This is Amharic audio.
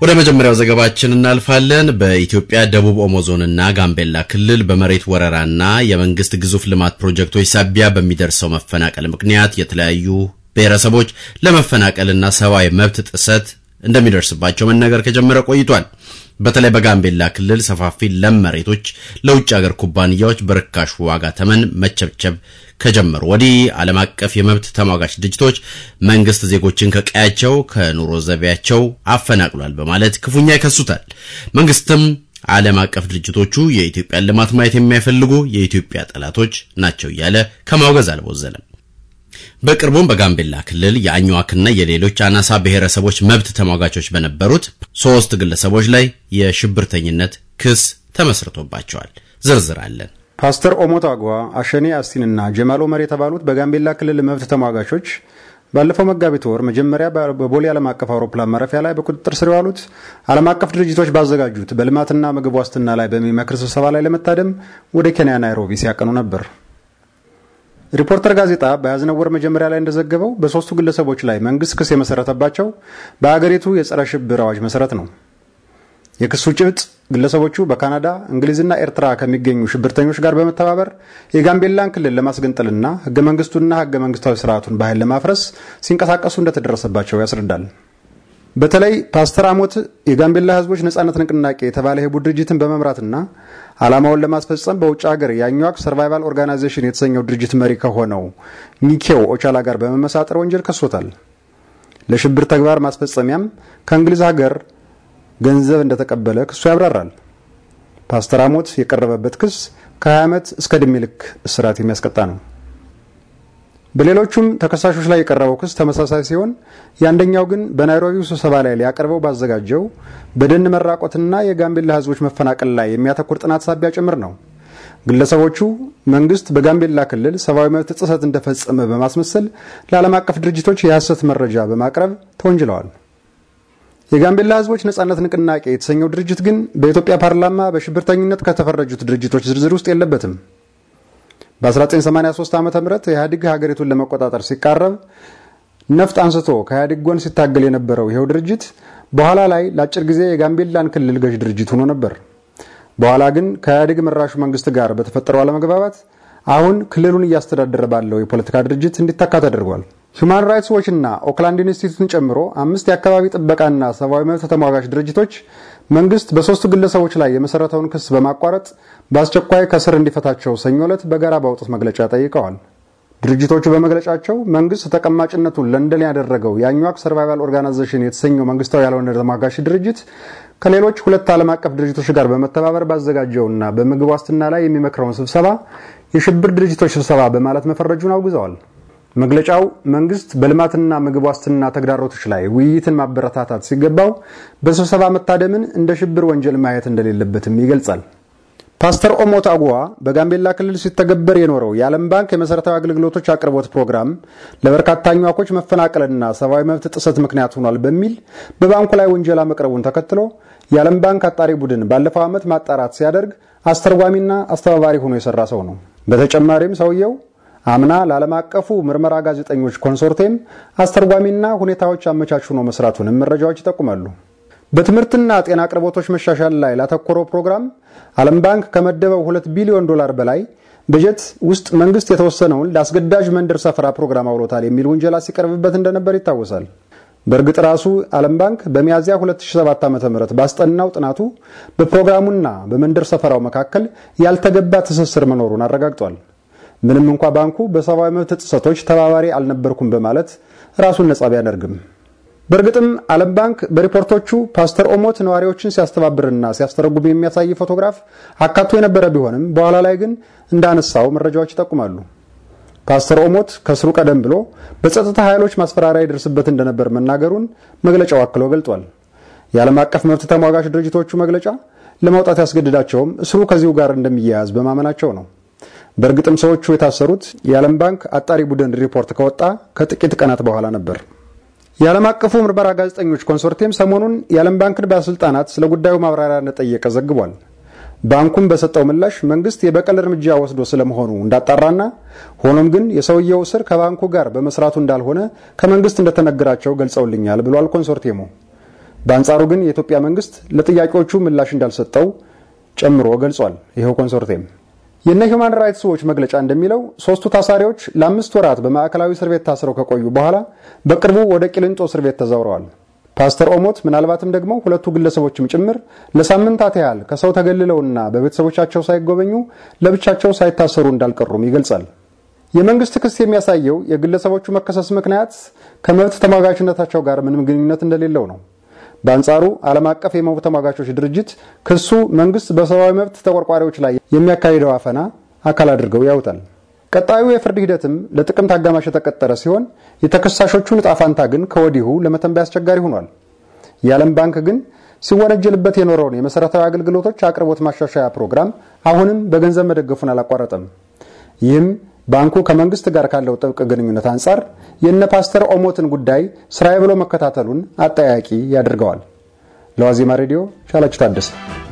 ወደ መጀመሪያው ዘገባችን እናልፋለን። በኢትዮጵያ ደቡብ ኦሞ ዞንና ጋምቤላ ክልል በመሬት ወረራና የመንግስት ግዙፍ ልማት ፕሮጀክቶች ሳቢያ በሚደርሰው መፈናቀል ምክንያት የተለያዩ ብሔረሰቦች ለመፈናቀልና ሰብአዊ መብት ጥሰት እንደሚደርስባቸው መነገር ከጀመረ ቆይቷል። በተለይ በጋምቤላ ክልል ሰፋፊ ለም መሬቶች ለውጭ አገር ኩባንያዎች በርካሽ ዋጋ ተመን መቸብቸብ ከጀመሩ ወዲህ ዓለም አቀፍ የመብት ተሟጋች ድርጅቶች መንግስት ዜጎችን ከቀያቸው ከኑሮ ዘቢያቸው አፈናቅሏል በማለት ክፉኛ ይከሱታል። መንግስትም ዓለም አቀፍ ድርጅቶቹ የኢትዮጵያን ልማት ማየት የማይፈልጉ የኢትዮጵያ ጠላቶች ናቸው እያለ ከማውገዝ አልቦዘለም። በቅርቡም በጋምቤላ ክልል የአኝዋክና የሌሎች አናሳ ብሔረሰቦች መብት ተሟጋቾች በነበሩት ሶስት ግለሰቦች ላይ የሽብርተኝነት ክስ ተመስርቶባቸዋል። ዝርዝር አለን። ፓስተር ኦሞታጓ አሸኔ አስቲንና ጀማል ኦመር የተባሉት በጋምቤላ ክልል መብት ተሟጋቾች ባለፈው መጋቢት ወር መጀመሪያ በቦሌ ዓለም አቀፍ አውሮፕላን ማረፊያ ላይ በቁጥጥር ስር የዋሉት ዓለም አቀፍ ድርጅቶች ባዘጋጁት በልማትና ምግብ ዋስትና ላይ በሚመክር ስብሰባ ላይ ለመታደም ወደ ኬንያ ናይሮቢ ሲያቀኑ ነበር። ሪፖርተር ጋዜጣ በያዝነው ወር መጀመሪያ ላይ እንደዘገበው በሦስቱ ግለሰቦች ላይ መንግስት ክስ የመሰረተባቸው በአገሪቱ የጸረ ሽብር አዋጅ መሰረት ነው። የክሱ ጭብጥ ግለሰቦቹ በካናዳ እንግሊዝና ኤርትራ ከሚገኙ ሽብርተኞች ጋር በመተባበር የጋምቤላን ክልል ለማስገንጠልና ህገ መንግስቱና ህገ መንግስታዊ ስርዓቱን በኃይል ለማፍረስ ሲንቀሳቀሱ እንደተደረሰባቸው ያስረዳል። በተለይ ፓስተር አሞት የጋምቤላ ህዝቦች ነጻነት ንቅናቄ የተባለ የህቡዕ ድርጅትን በመምራትና አላማውን ለማስፈጸም በውጭ ሀገር የአኟክ ሰርቫይቫል ኦርጋናይዜሽን የተሰኘው ድርጅት መሪ ከሆነው ኒኬው ኦቻላ ጋር በመመሳጠር ወንጀል ከሶታል። ለሽብር ተግባር ማስፈጸሚያም ከእንግሊዝ ሀገር ገንዘብ እንደተቀበለ ክሱ ያብራራል። ፓስተር አሞት የቀረበበት ክስ ከ20 ዓመት እስከ ዕድሜ ልክ እስራት የሚያስቀጣ ነው። በሌሎቹም ተከሳሾች ላይ የቀረበው ክስ ተመሳሳይ ሲሆን የአንደኛው ግን በናይሮቢው ስብሰባ ላይ ሊያቀርበው ባዘጋጀው በደን መራቆትና የጋምቤላ ሕዝቦች መፈናቀል ላይ የሚያተኩር ጥናት ሳቢያ ጭምር ነው። ግለሰቦቹ መንግስት በጋምቤላ ክልል ሰብአዊ መብት ጥሰት እንደፈጸመ በማስመሰል ለዓለም አቀፍ ድርጅቶች የሐሰት መረጃ በማቅረብ ተወንጅለዋል። የጋምቤላ ህዝቦች ነጻነት ንቅናቄ የተሰኘው ድርጅት ግን በኢትዮጵያ ፓርላማ በሽብርተኝነት ከተፈረጁት ድርጅቶች ዝርዝር ውስጥ የለበትም። በ1983 ዓ ም ኢህአዲግ ሀገሪቱን ለመቆጣጠር ሲቃረብ ነፍጥ አንስቶ ከኢህአዲግ ጎን ሲታገል የነበረው ይኸው ድርጅት በኋላ ላይ ለአጭር ጊዜ የጋምቤላን ክልል ገዥ ድርጅት ሆኖ ነበር። በኋላ ግን ከኢህአዲግ መራሹ መንግስት ጋር በተፈጠረው አለመግባባት አሁን ክልሉን እያስተዳደረ ባለው የፖለቲካ ድርጅት እንዲተካ ተደርጓል። ሁማን ራይትስ ዎችና ኦክላንድ ኢንስቲትዩትን ጨምሮ አምስት የአካባቢ ጥበቃና ሰብአዊ መብት ተሟጋች ድርጅቶች መንግስት በሶስቱ ግለሰቦች ላይ የመሰረተውን ክስ በማቋረጥ በአስቸኳይ ከስር እንዲፈታቸው ሰኞ ዕለት በጋራ ባወጡት መግለጫ ጠይቀዋል። ድርጅቶቹ በመግለጫቸው መንግስት ተቀማጭነቱን ለንደን ያደረገው የአኟክ ሰርቫይቫል ኦርጋናይዜሽን የተሰኘው መንግስታዊ ያልሆነ ተሟጋች ድርጅት ከሌሎች ሁለት ዓለም አቀፍ ድርጅቶች ጋር በመተባበር ባዘጋጀውና በምግብ ዋስትና ላይ የሚመክረውን ስብሰባ የሽብር ድርጅቶች ስብሰባ በማለት መፈረጁን አውግዘዋል። መግለጫው መንግስት በልማትና ምግብ ዋስትና ተግዳሮቶች ላይ ውይይትን ማበረታታት ሲገባው በስብሰባ መታደምን እንደ ሽብር ወንጀል ማየት እንደሌለበትም ይገልጻል። ፓስተር ኦሞት አጉዋ በጋምቤላ ክልል ሲተገበር የኖረው የዓለም ባንክ የመሠረታዊ አገልግሎቶች አቅርቦት ፕሮግራም ለበርካታ አኟኮች መፈናቀልና ሰብአዊ መብት ጥሰት ምክንያት ሆኗል በሚል በባንኩ ላይ ውንጀላ መቅረቡን ተከትሎ የዓለም ባንክ አጣሪ ቡድን ባለፈው ዓመት ማጣራት ሲያደርግ አስተርጓሚና አስተባባሪ ሆኖ የሠራ ሰው ነው። በተጨማሪም ሰውየው አምና ለዓለም አቀፉ ምርመራ ጋዜጠኞች ኮንሶርቴም አስተርጓሚና ሁኔታዎች አመቻች ሆኖ መስራቱንም መረጃዎች ይጠቁማሉ። በትምህርትና ጤና አቅርቦቶች መሻሻል ላይ ላተኮረው ፕሮግራም ዓለም ባንክ ከመደበው 2 ቢሊዮን ዶላር በላይ በጀት ውስጥ መንግስት የተወሰነውን ለአስገዳጅ መንደር ሰፈራ ፕሮግራም አውሎታል የሚል ውንጀላ ሲቀርብበት እንደነበር ይታወሳል። በእርግጥ ራሱ ዓለም ባንክ በሚያዝያ 2007 ዓ ም ባስጠናው ጥናቱ በፕሮግራሙና በመንደር ሰፈራው መካከል ያልተገባ ትስስር መኖሩን አረጋግጧል። ምንም እንኳ ባንኩ በሰብአዊ መብት ጥሰቶች ተባባሪ አልነበርኩም በማለት ራሱን ነጻ ቢያደርግም በእርግጥም ዓለም ባንክ በሪፖርቶቹ ፓስተር ኦሞት ነዋሪዎችን ሲያስተባብርና ሲያስተረጉም የሚያሳይ ፎቶግራፍ አካቶ የነበረ ቢሆንም በኋላ ላይ ግን እንዳነሳው መረጃዎች ይጠቁማሉ። ፓስተር ኦሞት ከስሩ ቀደም ብሎ በጸጥታ ኃይሎች ማስፈራሪያ ይደርስበት እንደነበር መናገሩን መግለጫው አክሎ ገልጧል። የዓለም አቀፍ መብት ተሟጋች ድርጅቶቹ መግለጫ ለማውጣት ያስገድዳቸውም እስሩ ከዚሁ ጋር እንደሚያያዝ በማመናቸው ነው። በእርግጥም ሰዎቹ የታሰሩት የዓለም ባንክ አጣሪ ቡድን ሪፖርት ከወጣ ከጥቂት ቀናት በኋላ ነበር። የዓለም አቀፉ ምርመራ ጋዜጠኞች ኮንሶርቲየም ሰሞኑን የዓለም ባንክን ባለሥልጣናት ስለ ጉዳዩ ማብራሪያ እንደጠየቀ ዘግቧል። ባንኩም በሰጠው ምላሽ መንግስት የበቀል እርምጃ ወስዶ ስለመሆኑ እንዳጣራና ሆኖም ግን የሰውየው እስር ከባንኩ ጋር በመስራቱ እንዳልሆነ ከመንግስት እንደተነገራቸው ገልጸውልኛል ብሏል ኮንሶርቲየሙ። በአንጻሩ ግን የኢትዮጵያ መንግስት ለጥያቄዎቹ ምላሽ እንዳልሰጠው ጨምሮ ገልጿል። ይኸው ኮንሶርቲየም የነ ሂውማን ራይትስ ዎች መግለጫ እንደሚለው ሶስቱ ታሳሪዎች ለአምስት ወራት በማዕከላዊ እስር ቤት ታስረው ከቆዩ በኋላ በቅርቡ ወደ ቂልንጦ እስር ቤት ተዛውረዋል። ፓስተር ኦሞት ምናልባትም ደግሞ ሁለቱ ግለሰቦችም ጭምር ለሳምንታት ያህል ከሰው ተገልለውና በቤተሰቦቻቸው ሳይጎበኙ ለብቻቸው ሳይታሰሩ እንዳልቀሩም ይገልጻል። የመንግስት ክስ የሚያሳየው የግለሰቦቹ መከሰስ ምክንያት ከመብት ተሟጋችነታቸው ጋር ምንም ግንኙነት እንደሌለው ነው። በአንጻሩ ዓለም አቀፍ የመብት ተሟጋቾች ድርጅት ክሱ መንግስት በሰብአዊ መብት ተቆርቋሪዎች ላይ የሚያካሂደው አፈና አካል አድርገው ያውታል። ቀጣዩ የፍርድ ሂደትም ለጥቅምት አጋማሽ የተቀጠረ ሲሆን የተከሳሾቹን ዕጣ ፋንታ ግን ከወዲሁ ለመተንበይ አስቸጋሪ ሆኗል። የዓለም ባንክ ግን ሲወነጀልበት የኖረውን የመሠረታዊ አገልግሎቶች አቅርቦት ማሻሻያ ፕሮግራም አሁንም በገንዘብ መደገፉን አላቋረጠም። ይህም ባንኩ ከመንግስት ጋር ካለው ጥብቅ ግንኙነት አንጻር የነ ፓስተር ኦሞትን ጉዳይ ስራዬ ብሎ መከታተሉን አጠያቂ ያደርገዋል። ለዋዜማ ሬዲዮ ሻላችሁ ታደሰ